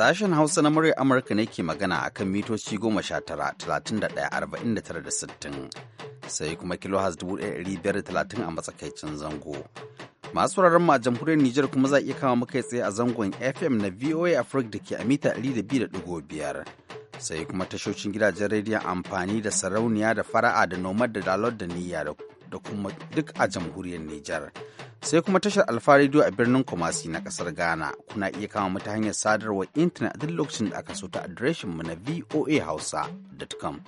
Sashen Hausa na murya Amurka ne ke magana a kan mitoci da tara da sittin sai kuma da 1530 a matsakaicin zango. Masu wuraren ma jamhuriyar Nijar kuma za a iya kama muka tsaye a zangon FM na VOA Africa da ke a mita biyar Sai kuma tashocin gidajen rediyon amfani da sarauniya da fara'a da nomad da dalot da niyya da da kuma duk a jamhuriyar Nijar. Sai kuma tashar Alfa Radio a birnin Kumasi na kasar Ghana. Kuna iya kama mata hanyar sadarwar intanet duk lokacin da aka so ta adireshin mu na voahausa.com.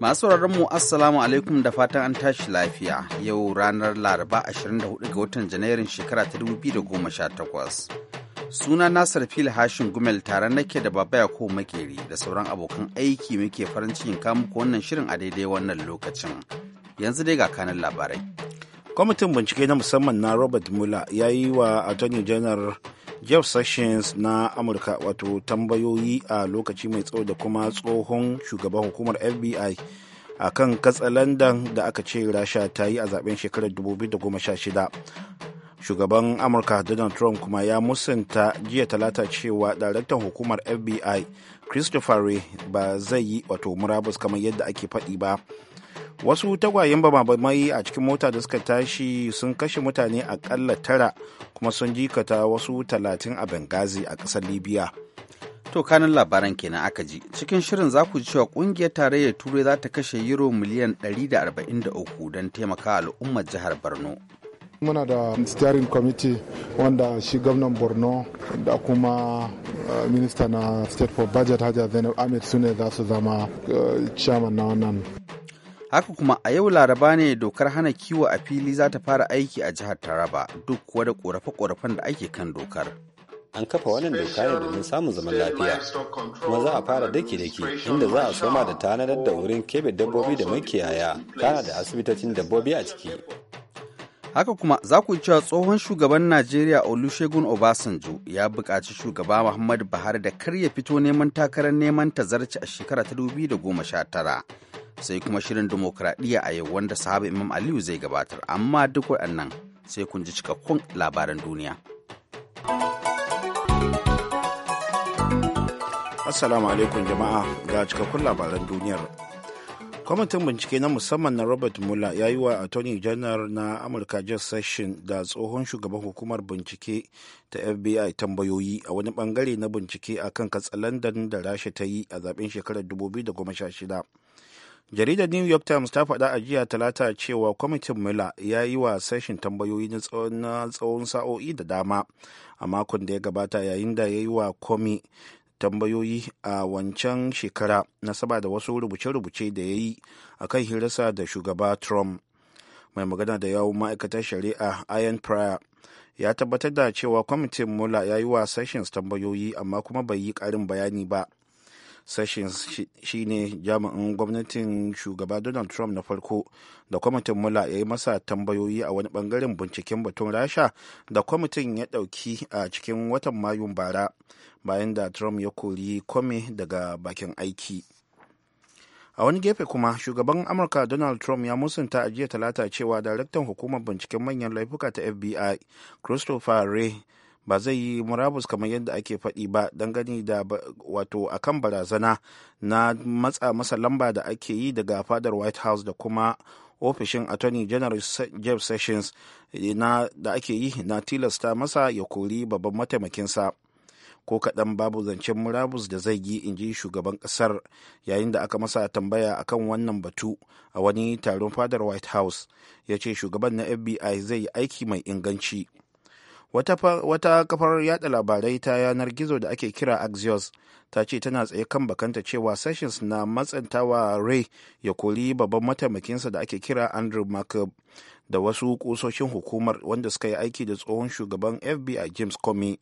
Masu mu Assalamu alaikum da fatan an tashi lafiya yau ranar Laraba 24 ga watan Janairun shekara ta 2018. Suna Nasar Fil Hashin Gumel tare nake da Baba ya ko Makeri da sauran abokan aiki muke farin cikin ko wannan shirin a daidai wannan lokacin. Yanzu dai ga kanan labarai. Kwamitin bincike na musamman na Robert muller ya yi wa Attorney General Jeff Sessions na Amurka wato tambayoyi a lokaci mai tsawo da kuma tsohon shugaban hukumar FBI a kan katsalandan da aka ce rasha ta yi a zaben shekarar 2016 shugaban amurka donald trump kuma ya musanta jiya talata cewa daraktan hukumar fbi christopher ray ba zai yi wato murabus kamar yadda ake faɗi ba wasu tagwayen bamabamai a cikin mota da suka tashi sun kashe mutane akalla tara kuma sun jikata wasu talatin a bengazi a ƙasar libya to kanin labaran kenan aka ji cikin shirin za ku ji cewa kungiyar tarayyar turai za ta kashe euro miliyan 143 don taimaka al'ummar jihar borno muna da steering committee wanda shi gwamnan borno da kuma eh, minista na state for budget zainab ahmed su ne za su zama eh, chairman na wannan haka kuma a yau laraba ne dokar hana kiwo a fili za ta fara aiki a jihar taraba duk kuwa da korafe-korafen da ake kan dokar an kafa wannan doka ne domin samun zaman lafiya kuma za a fara dake-dake, inda za a soma da tanadar da wurin kebe dabbobi da makiyaya tana da asibitocin dabbobi a ciki Haka kuma za ku cewa tsohon shugaban Najeriya Olusegun Obasanjo ya bukaci shugaba Muhammadu Buhari da kar ya fito neman takarar neman tazarci a shekara ta goma sha tara Sai kuma shirin demokradiyya a yau wanda sahaba Imam Aliyu zai gabatar, amma duk waɗannan sai kun ji cikakkun labaran duniya. Assalamu alaikum jama'a ga cikakkun labaran duniyar. kwamitin bincike na musamman na robert muller ya yi wa attorney general na amurka jeff session da tsohon shugaban hukumar bincike ta fbi tambayoyi a wani bangare na bincike a kan katsalandan da rasha ta yi a zaben shekarar 2016 jaridar new york times ta faɗa a jiya talata cewa kwamitin mueller ya yi wa session tambayoyi na tsawon sa'o'i da dama a makon da ya gabata yayin da ya yi wa komi tambayoyi a wancan shekara na saba da wasu rubuce-rubuce da ya yi a kan hirarsa da shugaba trump mai magana da yawon ma'aikatar shari'a ian pryor ya tabbatar da cewa kwamitin mula ya yi wa sessions tambayoyi amma kuma bai yi karin bayani ba sessions shine jami'in gwamnatin shugaba donald trump na farko da kwamitin mula ya yi masa tambayoyi a wani bangaren binciken batun rasha da kwamitin ya ɗauki a cikin watan mayun bara bayan da trump ya kori kome daga bakin aiki a wani gefe kuma shugaban amurka donald trump ya musunta a jiya talata cewa daraktan hukumar binciken manyan laifuka ta fbi christopher ray ba zai yi murabus kamar yadda ake faɗi ba gani da wato akan barazana na matsa masa lamba da ake yi daga fadar white house da kuma ofishin attorney general jeff sessions eh, na da ake yi na tilasta masa ya kori babban mataimakinsa ko kaɗan babu zancen murabus da zai yi in ji shugaban ƙasar yayin da aka masa tambaya akan wannan batu a wani taron fadar white house ya ce shugaban na fbi zai yi aiki mai inganci. wata, kafar yada labarai ta yanar gizo da ake kira axios ta ce tana tsaye kan bakanta cewa sessions na matsantawa ray ya kori babban mataimakinsa da ake kira andrew macab da wasu kusoshin hukumar wanda suka yi aiki da tsohon shugaban fbi james comey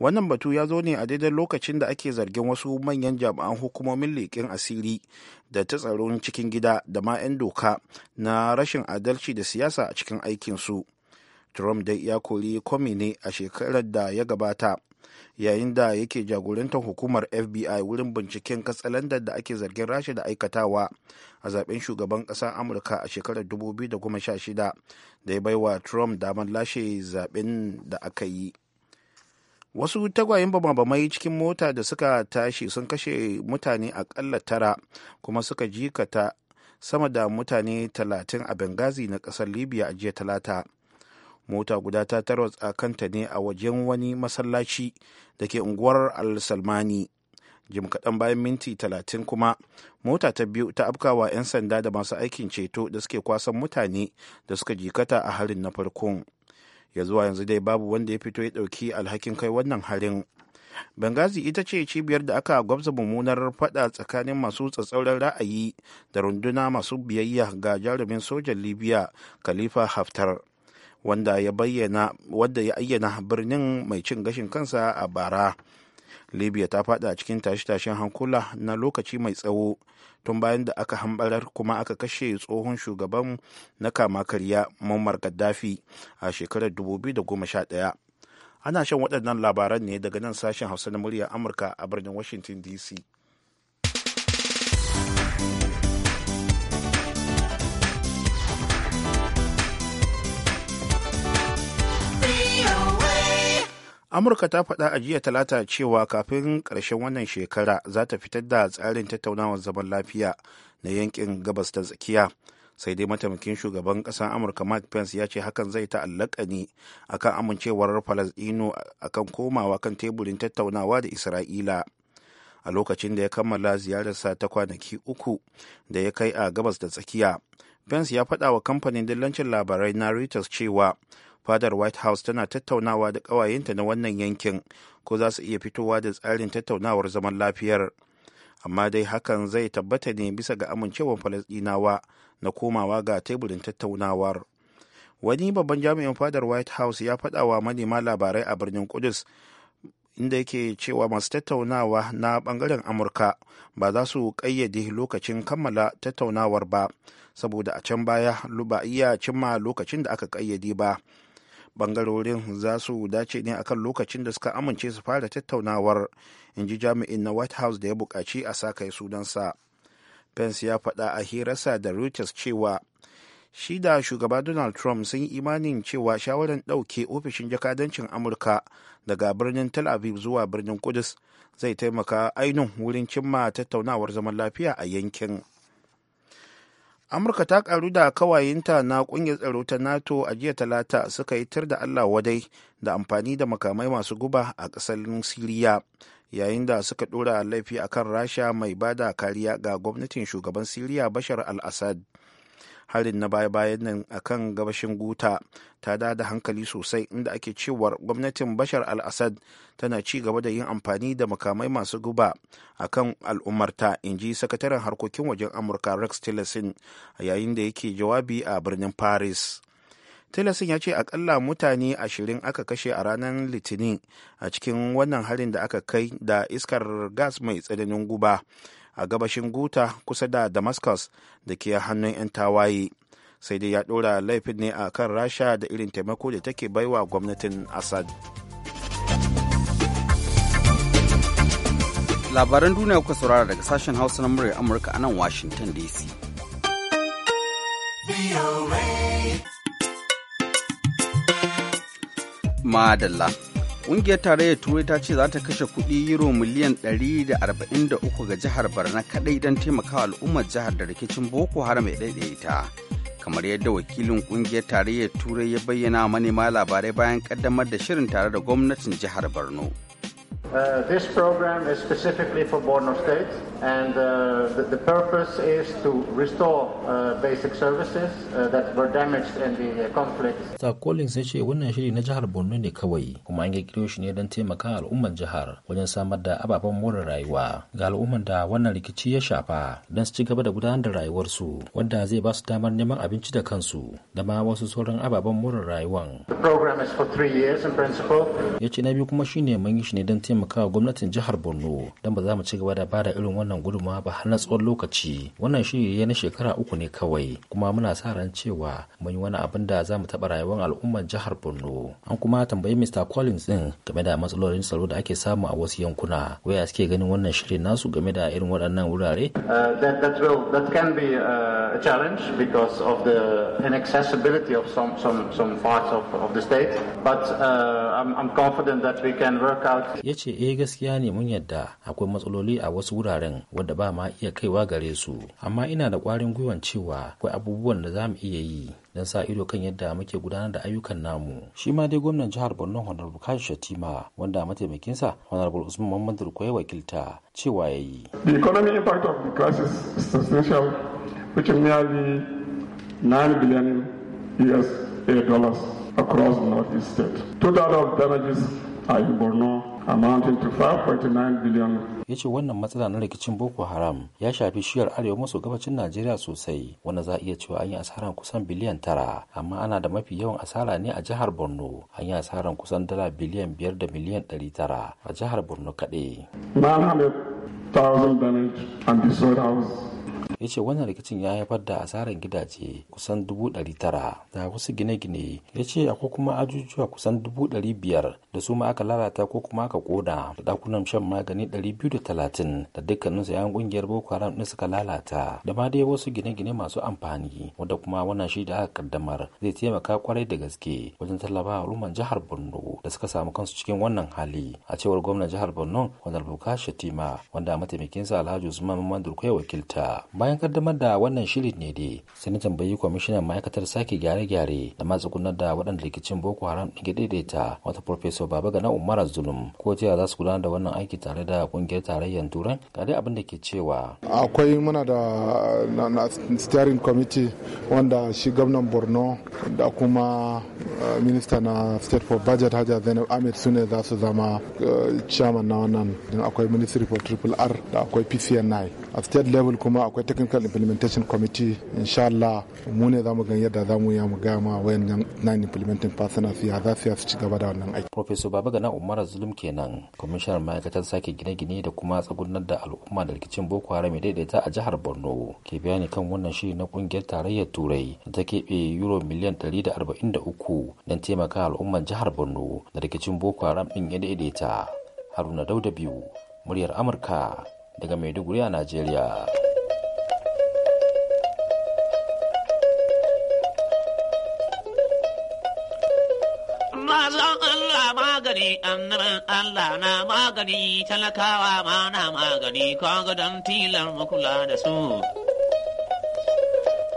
wannan batu ya zo ne a daidai lokacin da ake zargin wasu manyan jami'an hukumomin leƙen asiri da ta tsaron cikin gida da ma 'yan doka na rashin adalci da siyasa a cikin aikinsu. su trump dai ya kori komi ne a shekarar da ya gabata yayin da yake jagorantar hukumar fbi wurin binciken katsalandar da ake zargin rasha da aikatawa a zaben shugaban ƙasar amurka a shekarar 2016 da ya baiwa trump damar lashe zaben da aka yi wasu tagwayen bamabamai cikin mota da suka tashi sun kashe mutane aƙalla tara kuma suka jikata sama da mutane talatin a bengazi na ƙasar libya a jiya talata mota guda ta tarwatsa kanta ne a wajen wani masallaci da ke unguwar al-salmani jim kaɗan bayan minti talatin kuma mota ta biyu ta afkawa 'yan sanda da masu aikin ceto da suke kwasan mutane da suka jikata a harin na farkon ya zuwa yanzu dai babu wanda ya fito ya ɗauki alhakin kai wannan harin bengazi ita ce cibiyar da aka gwabza mummunar fada tsakanin masu tsatsauran ra'ayi da runduna masu biyayya ga jarumin sojan Libya Khalifa Haftar wanda ya bayyana wadda ya ayyana birnin mai cin gashin kansa a bara libya ta fada cikin tashe-tashen hankula na lokaci mai tsawo tun bayan da aka hambarar kuma aka kashe tsohon shugaban na kama karya muammar gaddafi a shekarar 2011 ana shan waɗannan labaran ne daga nan sashen hausa na murya amurka a birnin washington dc amurka ta faɗa a jiya talata cewa kafin ƙarshen wannan shekara za ta fitar da tsarin tattaunawar zaman lafiya na yankin gabas ta tsakiya sai dai mataimakin shugaban ƙasar amurka mike pence ya ce hakan zai ta'allaka ne akan amincewar falasɗino akan komawa kan teburin tattaunawa da isra'ila a lokacin da ya kammala ziyararsa ta kwanaki uku da ya kai a gabas da tsakiya pence ya faɗa wa kamfanin dillancin labarai na reuters cewa fadar white house tana tattaunawa da ƙawayenta na wannan yankin ko za su iya fitowa da tsarin tattaunawar zaman lafiyar amma dai hakan zai tabbata ne bisa ga amincewar falasɗinawa na komawa ga teburin tattaunawar wani babban jami'in fadar white house ya faɗa wa manema labarai a birnin kudus inda yake cewa masu tattaunawa na bangaren amurka ba za su ƙayyade lokacin kammala tattaunawar ba saboda a can baya ba iya cimma lokacin da aka ƙayyade ba bangarorin za su dace ne akan lokacin da suka amince su fara tattaunawar in ji jami'in na white house da ya buƙaci a sa kai sunansa pence ya faɗa a hirarsa da reuters cewa shi da shugaba donald trump sun yi imanin cewa shawarar ɗauke ofishin jakadancin amurka daga birnin tel aviv zuwa birnin kudus zai taimaka ainihin wurin cimma tattaunawar zaman lafiya a yankin amurka ta karu da kawayenta na kungiyar tsaro ta nato a jiya talata suka yi tir da allah wadai da amfani da makamai masu guba a ƙasar siriya yayin da suka ɗora laifi akan rasha mai bada kariya ga gwamnatin shugaban siriya bashar al-assad harin na baya-bayan nan a kan gabashin guta ta da da hankali sosai inda ake cewar gwamnatin bashar al-assad tana ci gaba da yin amfani da makamai masu guba a kan al'ummarta in ji sakataren harkokin wajen amurka rex tillerson yayin da yake jawabi a birnin paris tilasin ya ce akalla mutane ashirin aka kashe a ranar litinin a cikin wannan harin da aka kai da iskar gas mai tsananin guba a gabashin guta kusa da damascus da ke hannun 'yan tawaye sai dai ya ɗora laifin ne a kan rasha da irin taimako da take baiwa gwamnatin assad labaran duniya kuka saurara daga sashen hausa na murya amurka a nan washington dc madalla Ƙungiyar tarayyar Turai ta ce za ta kashe kuɗi euro miliyan 143 ga jihar Barna kaɗai don taimakawa al'ummar jihar da rikicin Boko Haram ya daidaita. Kamar yadda wakilin ƙungiyar tarayyar Turai ya bayyana manema labarai bayan ƙaddamar da shirin tare da gwamnatin jihar Borno. Uh, this program is specifically for Borno State, and uh, the, the, purpose is to restore uh, basic services uh, that were damaged in the uh, conflict. Sakolin sai ce wannan shiri na jihar Borno ne kawai, kuma an kirkiro shi ne don taimaka al'ummar jihar wajen samar da ababen more rayuwa ga al'ummar da wannan rikici ya shafa don su ci gaba da gudanar da rayuwarsu, wanda zai ba su damar neman abinci da kansu da ma wasu sauran ababen more rayuwan. The program is for three years in principle. Ya ce na biyu kuma shine mun yi shi ne don taimaka taimakawa gwamnatin jihar borno don ba za mu ci gaba da bada irin wannan gudumawa ba har na tsawon lokaci wannan shiri ya na shekara uku ne kawai kuma muna sa ran cewa mun yi wani abin da za mu taɓa rayuwar al'ummar jihar borno an kuma tambayi mr collins din game da matsalolin tsaro da ake samu a wasu yankuna waya suke ganin wannan shirin nasu game da irin waɗannan wurare uh, can be confident we can work out. Ya ce ce eh gaskiya ne mun yadda akwai matsaloli a wasu wuraren wadda ba ma iya kaiwa gare su amma ina da kwarin gwiwan cewa akwai abubuwan da za mu iya yi don sa ido kan yadda muke gudanar da ayyukan namu shi ma dai gwamnan jihar borno honorable kashi shatima wanda mataimakinsa honorable usman muhammad rukwai wakilta cewa ya yi the economic impact of the crisis is substantial which is nearly 9 billion us dollars across the northeast state total of damages are in borno amounting to 5.9 billion. Ya ce wannan matsala na rikicin Boko Haram ya shafi shiyar arewa maso gabacin Najeriya sosai wanda za a iya cewa an yi asaran kusan biliyan tara amma ana da mafi yawan asara ne a jihar Borno an yi asaran kusan dala biliyan biyar da miliyan ɗari tara a jihar Borno kaɗai. 900,000 damage and ya ce wannan rikicin ya haifar da asarar gidaje kusan dubu ɗari tara da wasu gine-gine ya ce akwai kuma ajujuwa kusan dubu ɗari biyar da su ma aka lalata ko kuma aka ƙona da ɗakunan shan magani ɗari biyu da talatin da dukkaninsu ƙungiyar boko haram ɗin suka lalata da ma dai wasu gine-gine masu amfani wanda kuma wannan shi da aka kaddamar zai taimaka kwarai da gaske wajen tallafa ruman jihar borno da suka samu kansu cikin wannan hali a cewar gwamnan jihar borno wanda albuka shatima wanda mataimakinsa alhaji usman mamman durko wakilta bayan bayan kaddamar da wannan shirin ne dai sai na tambayi kwamishinan ma'aikatar sake gyare-gyare da matsugunar da waɗanda rikicin boko haram ɗin ke daidaita wata farfesa baba gana umara zulum ko jiya za su gudanar da wannan aiki tare da ƙungiyar tarayyar turai ga dai abin da ke cewa akwai muna da na steering committee wanda shi gwamnan borno da kuma eh, minista na state for budget hajja zainab ahmed su ne za su zama eh, chairman na wannan akwai ministry for triple r da akwai pcni a state level kuma akwai technical implementation committee insha Allah mu ne za mu gan yadda za mu ya mu gaya ma wayannan nine implementing partners ya za su ya su ci gaba da wannan aiki professor baba gana umar zulum kenan kwamishinar ma'aikatar sake gine-gine da kuma tsagunar da al'umma da rikicin boko haram daidaita a jihar borno ke bayani kan wannan shiri na kungiyar tarayyar turai da ta keɓe euro miliyan 143 don taimaka al'umman jihar borno da rikicin boko haram ɗin ya daidaita haruna dauda biyu muryar amurka daga maiduguri a najeriya magani annaban Allah na magani talakawa ma na magani kaga don tilar makula da su.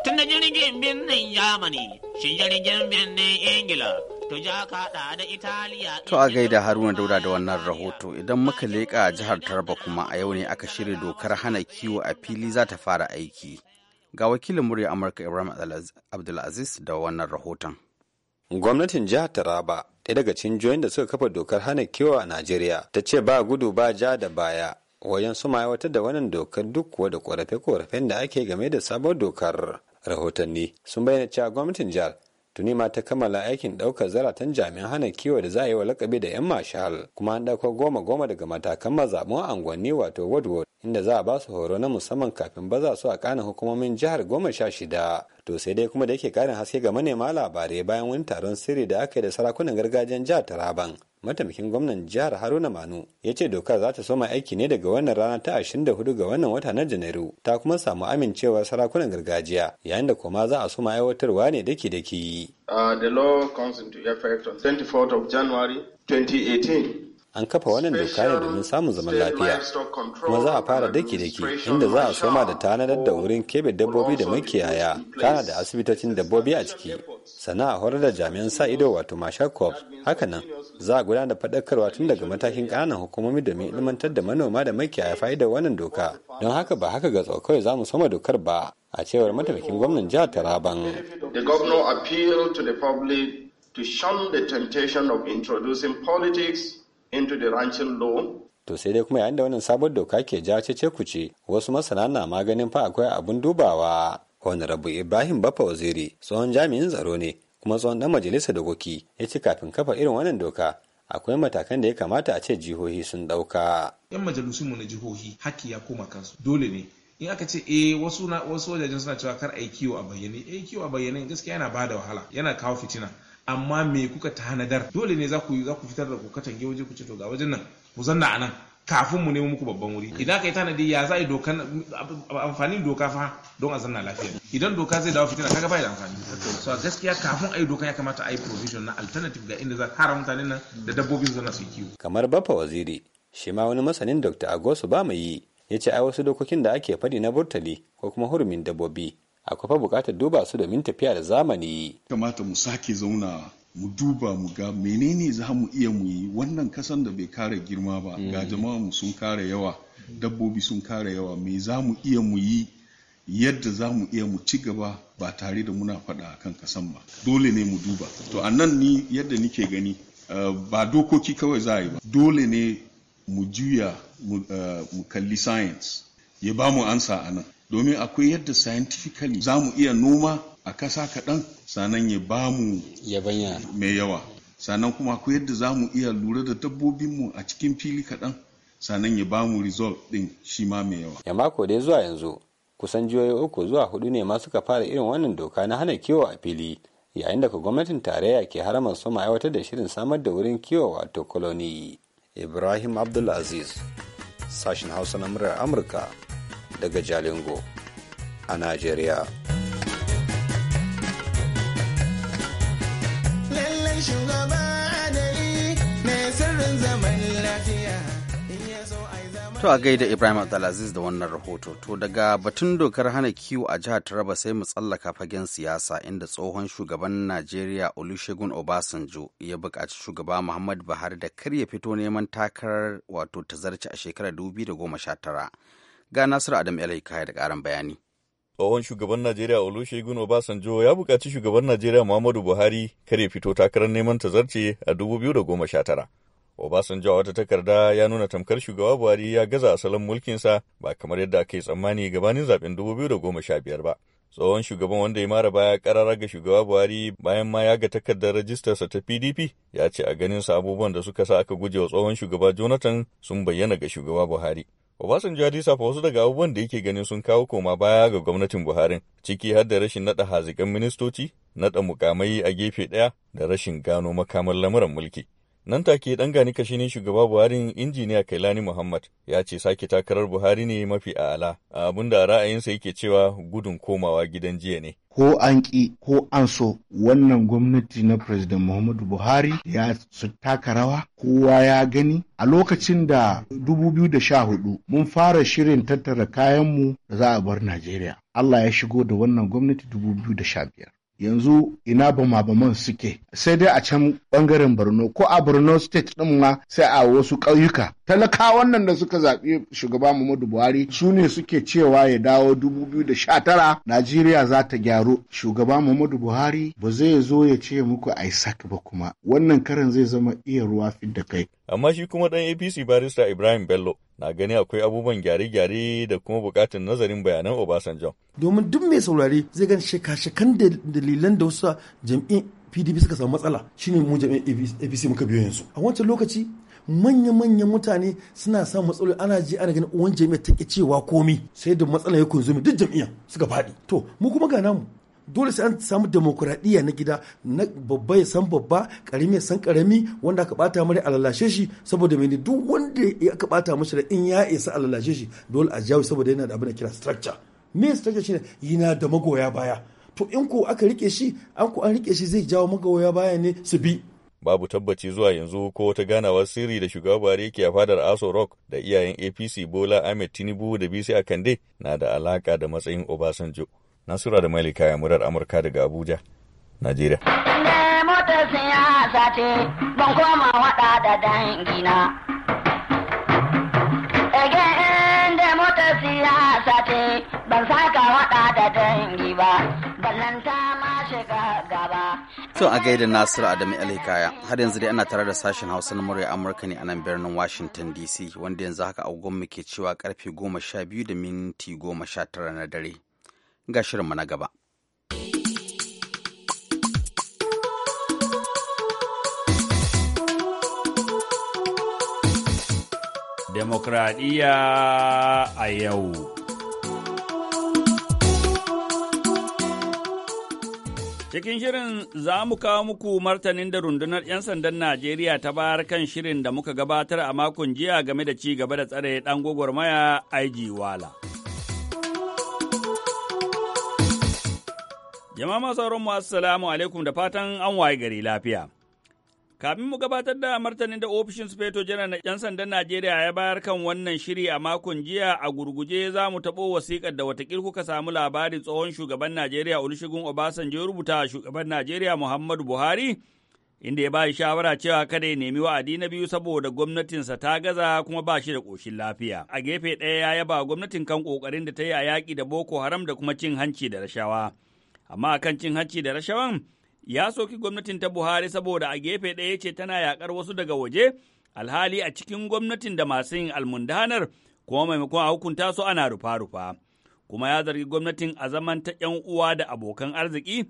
Tun da jirgin birnin Yamani, shi jirgin birnin Ingila, To a gaida Haruna Dauda da wannan rahoto idan muka leƙa jihar tarba kuma a yau ne aka shirya dokar hana kiwo a fili za ta fara aiki. Ga wakilin murya Amurka Ibrahim Abdulaziz da wannan rahoton. Gwamnatin jihar Taraba ɗaya daga cikin da suka kafa dokar hana kiwo a Najeriya ta ce ba gudu ba ja da baya wajen suma aiwatar da wannan dokar duk kuwa da korafe-korafen da ake game da sabon dokar rahotanni sun bayyana cewa gwamnatin jihar tuni ma ta kammala aikin ɗaukar zaratan jami'an hana kiwo da za a yi wa lakabi da 'yan mashal kuma an ɗauko goma goma daga matakan mazaɓun angwani wato wadwod inda za a ba su horo na musamman kafin baza su a kanin hukumomin jihar goma sha shida to sai dai kuma da yake karin haske ga manema labarai bayan wani taron sirri da aka yi da sarakunan gargajiyar jihar taraban mataimakin gwamnan jihar haruna manu ya ce dokar za ta soma aiki ne daga wannan rana ta 24 ga wannan wata na janairu ta kuma samu amincewar sarakunan gargajiya yayin da kuma za a soma aiwatarwa ne daki daki uh, the law comes into effect on 24th of january 2018 an kafa wannan doka ne domin samun zaman lafiya kuma za a fara daki-daki inda za a soma da tanadar da wurin kebe dabbobi da makiyaya kana da asibitocin dabbobi a ciki sana a horar da jami'an sa ido wato cop corps hakanan za a gudanar da faɗakarwa tun daga matakin ƙananan hukumomi domin ilmantar da manoma da makiyaya fa'idar wannan doka don haka ba haka ga tsokawai za mu soma dokar ba a cewar mataimakin gwamnan jihar taraban to shun the temptation of introducing politics into the ranching law to sai dai kuma yayin da wannan sabon doka ke ja cece ce, wasu masana na maganin fa akwai abun dubawa honorable ibrahim bafa waziri tsohon jami'in tsaro ne kuma tsohon dan da dokoki ya ci kafin kafa irin wannan doka akwai matakan da ya kamata a ce jihohi sun ɗauka. yan majalisun mu na jihohi haki ya koma kansu dole ne in aka ce eh wasu wajajen suna cewa kar a yi kiwo a bayyane eh kiwo a bayyane gaskiya yana bada wahala yana kawo fitina amma me kuka tanadar dole ne za ku za ku fitar da ku katange waje ku ce to ga wajen nan ku zanna a nan kafin mu nemo muku babban wuri idan ka yi tanadi ya za a yi dokan amfanin doka fa don a zanna lafiya idan doka zai dawo fitina kaga bai da amfani so gaskiya kafin a yi doka ya kamata a yi provision na alternative ga inda za a mutanen nan da dabbobin zana su kiwo kamar bafa waziri shi ma wani masanin dr agosu ba mai yi ya ce ai wasu dokokin da ake faɗi na burtali ko kuma hurumin dabbobi akwai fa bukatar duba su domin tafiya da zamani kamata mu sake zauna mu duba mu ga menene za mu iya mu yi wannan kasan da bai kare girma ba ga mm. jama'a mu sun kare yawa dabbobi sun kare yawa me za mu iya mu yi yadda za mu iya mu ci gaba ba tare da muna faɗa a kan kasan ba dole ne mu duba to a nan ni yadda nike gani eh, ba dokoki kawai za a yi ba dole ne mu juya mu eh, kalli science ya ba mu ansa a nan domin akwai yadda scientifically za mu iya noma a kasa kaɗan sannan ya ba mu yabanya mai yawa sannan kuma akwai yadda za mu iya lura da dabbobinmu a cikin fili kaɗan sannan ya ba mu result ɗin shi ma mai yawa. ya mako dai zuwa yanzu kusan jihohi uku zuwa hudu ne ma suka fara irin wannan doka na hana kiwo a fili yayin da gwamnatin tarayya ke haramar soma aiwatar da shirin samar da wurin kiwo wato colony. ibrahim abdulaziz sashen hausa na murar amurka daga Jalingo a Najeriya. To a gaida Ibrahim Abdulaziz da wannan rahoto. To daga batun dokar hana kiwo a jihar Taraba sai mu tsallaka fagen siyasa inda tsohon shugaban Najeriya Olusegun Obasanjo ya buƙaci shugaba Muhammad Buhari da kar ya fito neman takarar wato ta tazarci a shekarar 2019 Ga Nasiru Adam Elhikaya da ƙarin bayani. tsohon shugaban Najeriya Olusegun Obasanjo ya buƙaci shugaban Najeriya Muhammadu Buhari kare fito takarar neman ta tazarce a tara. Obasanjo a wata takarda ya nuna tamkar shugaba Buhari ya gaza asalin mulkinsa ba kamar yadda aka yi tsammani gabanin zaben biyar ba. Tsohon shugaban wanda ya mara baya karara ga shugaba Buhari bayan ma ya ga takardar rajistarsa ta PDP ya ce a ganin sa abubuwan da suka sa aka guje wa tsohon shugaba Jonathan sun bayyana ga shugaba Buhari. Obasanjo ya lissafa wasu daga abubuwan da yake ganin sun kawo koma baya ga gwamnatin Buhari, ciki har da rashin naɗa hazikan ministoci, naɗa mukamai a gefe ɗaya da rashin gano makamar lamuran mulki. Nan take dan gani kashinin shugaba Buhari injiniya Kailani Muhammad ya ce sake takarar Buhari ne mafi a'ala abin da ra'ayinsa yake cewa gudun komawa gidan jiya ne. Ko an ki ko an so wannan gwamnati na President Muhammadu Buhari ya su taka rawa kowa ya gani a lokacin da 2014 mun fara shirin tattara kayanmu da za a bar Najeriya. Allah ya shigo da wannan gwamnati 2015. yanzu ina bama-baman suke sai dai a can bangaren borno ko a borno state din ma sai a wasu ƙauyuka talakawan nan da suka zaɓi shugaba muhammadu buhari su ne suke cewa ya dawo da sha tara. najeriya za ta gyaru shugaba muhammadu buhari ba zai zo ya ce muku Isaac ba kuma wannan karan zai zama iya ruwa fidda kai amma shi kuma ɗan apc barista ibrahim bello na gani akwai abubuwan gyare-gyare da kuma bukatun nazarin bayanan obasanjo domin duk mai saurari zai gan shekashekan dalilan da wasu jam'iyyar pdp suka samu matsala shine mu jam'iyyar apc muka biyo yanzu a wancan lokaci manya-manyan mutane suna sa matsaloli ana ji ana ganin uwan jami'a ta cewa komi sai da matsala ya kunzumi duk jami'a suka faɗi to mu kuma ga namu dole sai an samu demokuraɗiyya na gida na babba ya san babba karami ya san karami wanda aka bata mare alalashe shi saboda mai duk wanda ya aka bata mashi da in ya isa alalashe shi dole a jawo saboda yana da abin da kira structure me structure shine yana da magoya baya to in ko aka rike shi an ko an rike shi zai jawo magoya baya ne su bi babu tabbaci zuwa yanzu ko wata ganawa sirri da shugaba Buhari yake a fadar Aso Rock da iyayen APC Bola Ahmed Tinubu da BC Akande na da alaka da matsayin Obasanjo. Nasura da Malika ya murar Amurka daga Abuja, Najeriya. Ne ce koma waɗa da Ege inda ban saka waɗa da dangi ba, ballanta ma shiga gaba. To a gaida Nasiru Adamu Alhikaya, har yanzu dai ana tare da sashen Hausa na murya Amurka ne a nan birnin Washington DC, wanda yanzu haka a mu ke cewa karfe goma sha biyu da minti goma sha tara na dare. ga shirinmu na gaba. Demokradiyya a yau. Cikin shirin za mu kawo muku martanin da rundunar 'yan sandan Najeriya ta bayar kan shirin da muka gabatar a makon jiya game da ci gaba da tsare ɗan gwagwarmaya IG Wala. Jama'a masu sauran mu assalamu alaikum da fatan an waye gari lafiya. Kafin mu gabatar da martanin da ofishin Sufeto Janar na 'yan sandan Najeriya ya bayar kan wannan shiri a makon jiya a gurguje za mu taɓo wasiƙar da watakil kuka samu labarin tsohon shugaban Najeriya Olusegun Obasanjo ya rubuta shugaban Najeriya Muhammadu Buhari inda ya bayi shawara cewa kada ya nemi wa'adi na biyu saboda gwamnatinsa ta gaza kuma ba shi da ƙoshin lafiya. A gefe ɗaya ya yaba gwamnatin kan ƙoƙarin da ta yi a yaƙi da Boko Haram da kuma cin hanci da rashawa. amma kan cin hanci da rashawan ya soki gwamnatin ta Buhari saboda a gefe ɗaya ce tana yakar wasu daga waje alhali a cikin gwamnatin da masu yin almundanar kuma maimakon a hukunta su ana rufa-rufa. Kuma ya zargi gwamnatin a zaman ta ‘yan uwa da abokan arziki.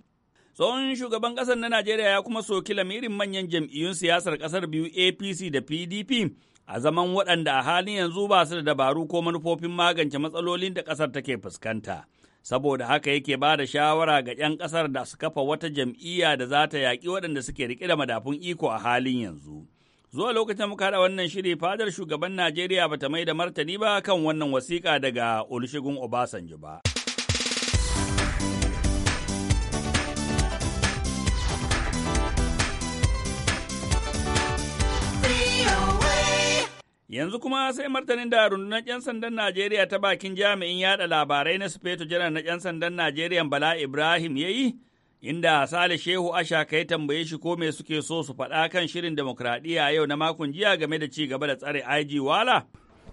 Tsohon shugaban ƙasar na Najeriya ya kuma soki lamirin manyan jam'iyyun siyasar ƙasar biyu APC da PDP a zaman waɗanda a halin yanzu ba su da dabaru ko manufofin magance matsalolin da ƙasar take fuskanta. saboda haka yake ba da shawara ga 'yan ƙasar da su kafa wata jam'iyya da za ta yaƙi waɗanda suke riƙe da madafun iko a halin yanzu. Zuwa lokacin muka haɗa wannan shiri fadar shugaban Najeriya bata mai da martani ba kan wannan wasiƙa daga Olusegun Obasanjo ba. Yanzu kuma sai martanin da rundunar 'yan sandan Najeriya ta bakin jami'in yada labarai na Sufeto Janar na 'yan sandan Najeriya Bala Ibrahim ya yi, inda Sale Shehu Ashaka ya tambaye shi ko me suke so su faɗa kan shirin demokradiyya yau na makon jiya game da ci gaba da tsare IG Wala.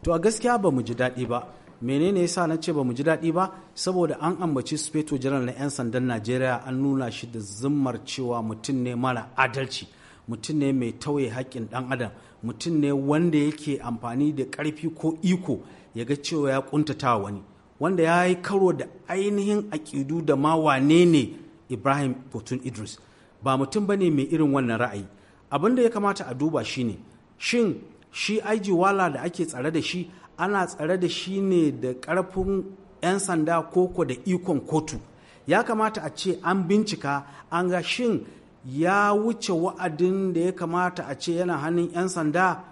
To a gaskiya ba mu ji daɗi ba. Menene yasa na ce ba mu ji daɗi ba? Saboda an ambaci Sufeto Janar na 'yan sandan Najeriya an nuna shi da zimmar cewa mutum ne mara adalci. mutum ne mai tauye haƙƙin ɗan adam mutum ne wanda yake amfani da ƙarfi ko iko ya ga cewa ya ƙuntata wani wanda ya yi karo da ainihin aƙidu da ma wane ne ibrahim potun idris ba mutum ba ne mai irin wannan ra'ayi abin da ya kamata a duba shine shin shi aiji wala da ake tsare da shi ana tsare da shi ne da ƙarfin 'yan sanda koko da ikon kotu ya kamata a ce an bincika an ga shin ya wuce wa'adin da ya kamata a ce yana hannun 'yan sanda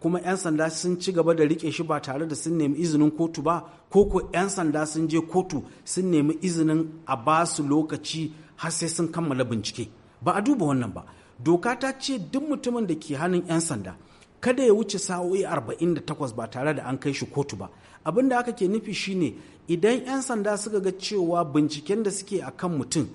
kuma 'yan sanda sun ci gaba da rike shi ba tare da sun nemi izinin kotu ba ko ko 'yan sanda sun je kotu sun nemi izinin a ba su lokaci har sai sun kammala bincike ba a duba wannan ba doka ta ce duk mutumin da ke hannun 'yan sanda kada ya wuce sa'o'i 48 ba tare da an kai shi kotu ba abin da aka ke nufi shine idan 'yan sanda suka ga cewa binciken da suke akan mutum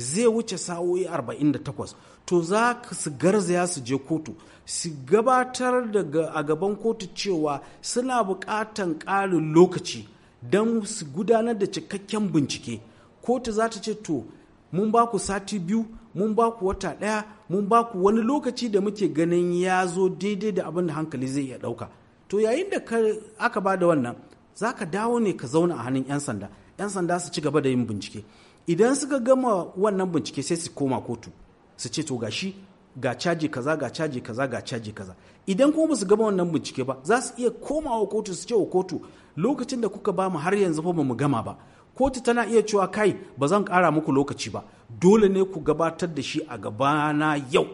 zai wuce sa'o'i 48 to za su garzaya su je kotu su gabatar daga a gaban kotu cewa suna buƙatan ƙarin lokaci don su gudanar da cikakken bincike kotu za ta ce to mun ba ku sati biyu mun ba ku wata ɗaya mun ba ku wani lokaci da muke ganin ya zo daidai da abin da hankali zai iya ɗauka to yayin da aka ba da wannan za ka dawo ne ka zauna a hannun 'yan sanda 'yan sanda su ci gaba da yin bincike idan suka gama wannan bincike sai su koma kotu su ce to gashi ga caji kaza ga caji kaza ga caji kaza idan kuma su gama wannan bincike ba za su iya komawa kotu su ce wa kotu lokacin da kuka ba mu har yanzu fa ba mu gama ba kotu tana iya cewa kai ba zan kara muku lokaci ba dole ne ku gabatar da shi a gabana yau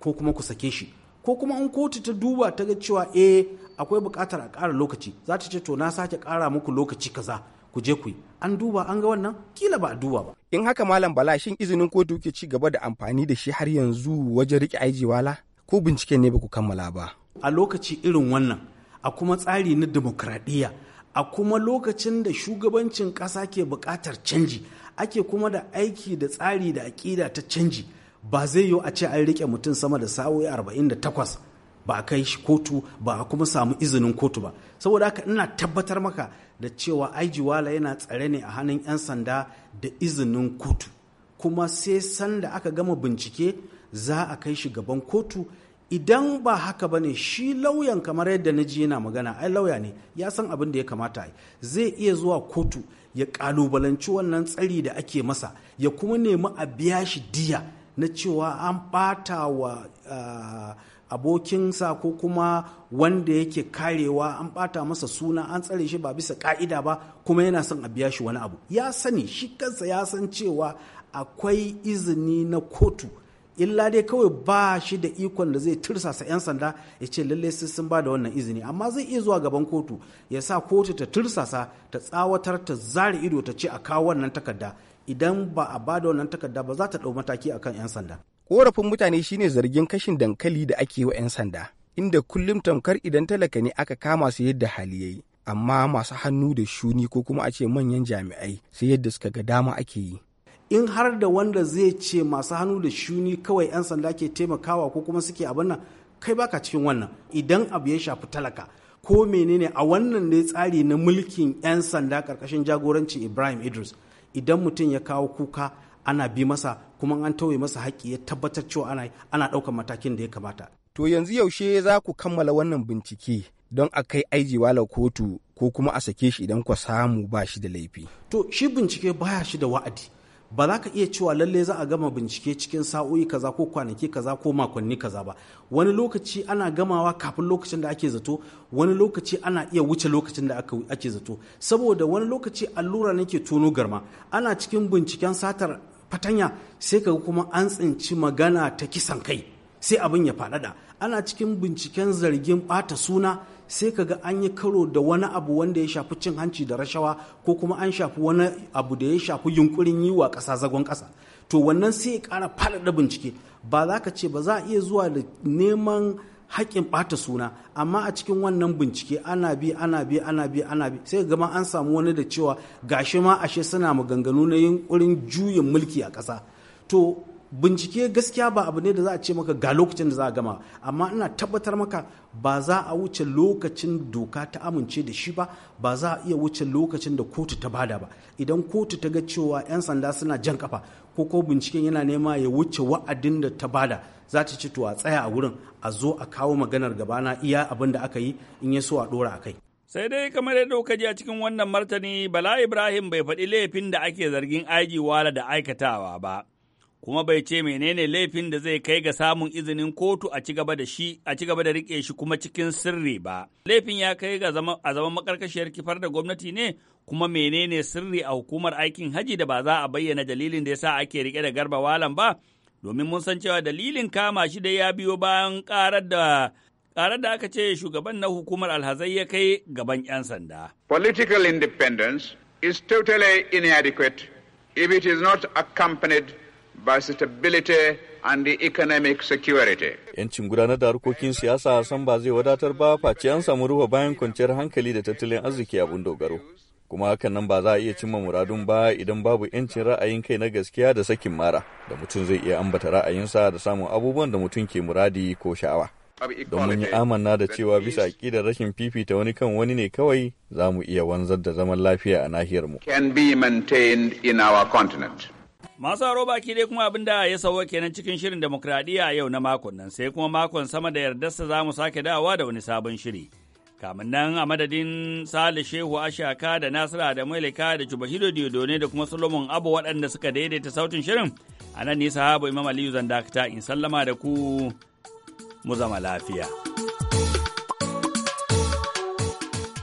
ko kuma ku sake shi ko kuma in kotu ta duba ta ga cewa eh akwai bukatar a kara lokaci za ta ce to na sake kara muku lokaci kaza ku je ku yi an duba an ga wannan kila ba a duba ba in haka malam bala shin izinin kotu ke ci gaba da amfani da shi har yanzu wajen rike aiji wala ko binciken ne ba ku kammala ba a lokaci irin wannan a kuma tsari na demokradiyya a kuma lokacin da shugabancin ƙasa ke buƙatar canji ake kuma da aiki da tsari da aƙida ta canji ba zai yiwu a ce an rike mutum sama da sa'o'i 48 ba a kai shi kotu ba a kuma samu izinin kotu ba saboda haka ina tabbatar maka da cewa aijiwala yana tsare ne a hannun 'yan sanda da izinin kotu kuma sai sanda aka gama bincike za a kai shi gaban kotu idan ba haka ba ne shi lauyan kamar yadda na ji yana magana ai lauya ne ya san abin da ya kamata yi zai iya zuwa kotu ya kalubalanci wannan tsari da ake masa ya kuma nemi a biya shi diya na cewa an ɓata wa uh, abokinsa ko kuma wanda yake karewa an bata masa suna an tsare shi ba bisa ka'ida ba kuma yana son a biya shi wani abu ya sani shi kansa ya san cewa akwai izini na kotu illa dai kawai ba shi da ikon da zai tirsasa 'yan sanda ya ce lalle sai sun ba da wannan izini amma zai iya zuwa gaban kotu ya sa kotu ta tirsasa ta tsawatar ta zare ido ta ce a kawo wannan takarda idan ba a ba da wannan takarda ba za ta ɗau mataki akan 'yan sanda Korafin mutane shine zargin kashin dankali da ake wa 'yan sanda, inda kullum tamkar idan talaka ne aka kama su yadda hali yayi. Amma masu hannu da shuni ko kuma a ce manyan jami'ai sai yadda suka ga dama ake yi. In har da wanda zai ce masu hannu da shuni kawai 'yan sanda ke taimakawa ko kuma suke abin nan kai baka cikin wannan idan abu ya shafi talaka ko menene a wannan ne tsari na mulkin 'yan sanda karkashin jagorancin Ibrahim Idris idan mutum ya kawo kuka ana bi masa kuma an tauye masa haƙƙi ya tabbatar cewa ana ana ɗaukar matakin da ya kamata. To yanzu yaushe za ku kammala wannan bincike don a kai aiji wala kotu ko kuma a sake shi idan ku samu ba shi da laifi. To shi bincike baya shi da wa'adi. ba za ka iya cewa lalle za a gama bincike cikin sa'o'i kaza ko kwanaki kaza ko makonni kaza ba wani lokaci ana gamawa kafin lokacin da ake zato wani lokaci ana iya wuce lokacin da ake zato saboda wani lokaci allura nake tono garma ana cikin binciken satar fatanya sai ka kuma an tsinci magana ta kisan kai sai abin ya faɗaɗa ana cikin binciken zargin ɓata suna sai ka ga an yi karo da wani abu wanda ya shafi cin hanci da rashawa ko kuma an shafi wani abu da ya shafi yunkurin yi wa ƙasa zagon ƙasa to wannan sai ya ƙara faɗaɗa bincike ba za ka ce ba za a iya zuwa da neman haƙƙin ɓata suna amma a cikin wannan bincike ana bi ana bi ana bi ana bi sai gama an samu wani da cewa gashi ma ashe suna maganganu na yunkurin juyin mulki a ƙasa to bincike gaskiya ba abu ne da za a ce maka ga lokacin da za a gama amma ina tabbatar maka ba za a wuce lokacin doka ta amince da shi ba ba za a iya wuce lokacin da kotu ta bada ba idan kotu ta ga cewa 'yan sanda suna jan kafa ko ko binciken yana nema ya wuce wa'adin da ta bada za ta ce to a tsaya a wurin a zo a kawo maganar gabana iya abin da aka yi in ya so a ɗora a kai. sai dai kamar yadda kuka ji a cikin wannan martani bala ibrahim bai faɗi laifin da ake zargin aiji wala da aikatawa ba kuma bai ce menene laifin da zai kai ga samun izinin kotu a ci gaba da shi a ci gaba da rike shi kuma cikin sirri ba laifin ya kai ga zama a zaman makarkashiyar kifar da gwamnati ne kuma menene sirri a hukumar aikin haji da ba za a bayyana dalilin da ya sa ake rike da garba walan ba domin mun san cewa dalilin kama shi da ya biyo bayan karar da ƙarar da aka ce shugaban na hukumar alhazai ya kai gaban 'yan sanda. Political independence is totally inadequate if it is not accompanied by stability and the economic security. Yancin gudanar da harkokin siyasa san ba zai wadatar ba face an samu ruwa bayan kwanciyar hankali da tattalin arziki abun dogaro. kuma hakan nan ba za a iya cimma muradun ba idan babu yancin ra'ayin kai na gaskiya da sakin mara da mutum zai iya ambata ra'ayinsa da samun abubuwan da mutum ke muradi ko sha'awa don mun yi amanna da cewa bisa da rashin fifita wani kan wani ne kawai za mu iya wanzar da zaman lafiya a nahiyar mu can be maintained in our continent Masu haro baki dai kuma abin da ya sauwa kenan cikin shirin demokradiyya yau na makon nan sai kuma makon sama da yardarsa za mu sake dawowa da wani sabon shiri. kamun nan a madadin Sale Shehu Ashaka da Nasira da malika da Chubahiro Diodone da kuma Solomon Abu waɗanda suka daidaita sautin shirin a nan ne sahabu Imam Aliyu Zandakta in sallama da ku mu zama lafiya.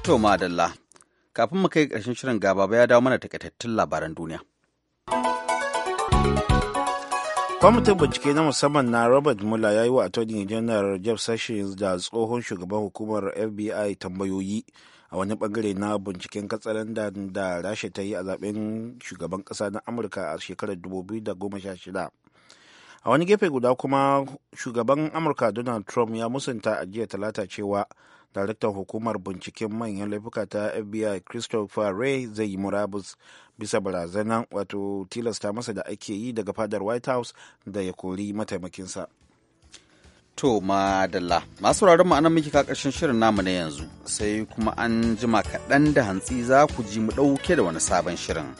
To madalla, kafin mu kai ƙarshen shirin gaba ya dawo mana takaitattun labaran duniya. kwamitin bincike na musamman na robert mueller ya yi wa attorney general jeff sessions da tsohon shugaban hukumar fbi tambayoyi a wani bangare na binciken katsalanda da rasha ta yi a zaben shugaban kasa na amurka a shekarar 2016 a wani gefe guda kuma shugaban amurka donald trump ya musanta a jiya talata cewa daraktan hukumar binciken manyan laifuka ta fbi christopher ray zai yi murabus bisa barazanar wato tilasta masa da ake yi daga fadar white house da ya kori mataimakinsa to madalla masu mu anan muke ka shirin namu na yanzu sai kuma an jima kaɗan da hantsi za ku ji mu ɗauke da wani sabon shirin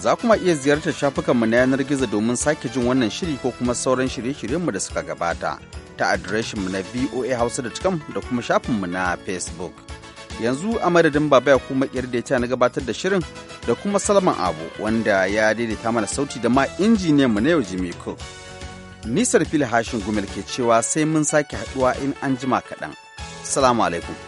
za kuma iya ziyartar shafukanmu na yanar gizo domin sake jin wannan shiri ko kuma sauran shirye-shiryenmu da suka gabata ta adireshinmu na hausa da kuma shafinmu na facebook yanzu a madadin baba ya kuma da na gabatar da shirin da kuma salman abu wanda ya daidaita mana sauti da ma injiniyan mu na yau jimmy cook nisar fili hashin gumel ke cewa sai mun sake haduwa in an jima kaɗan salamu alaikum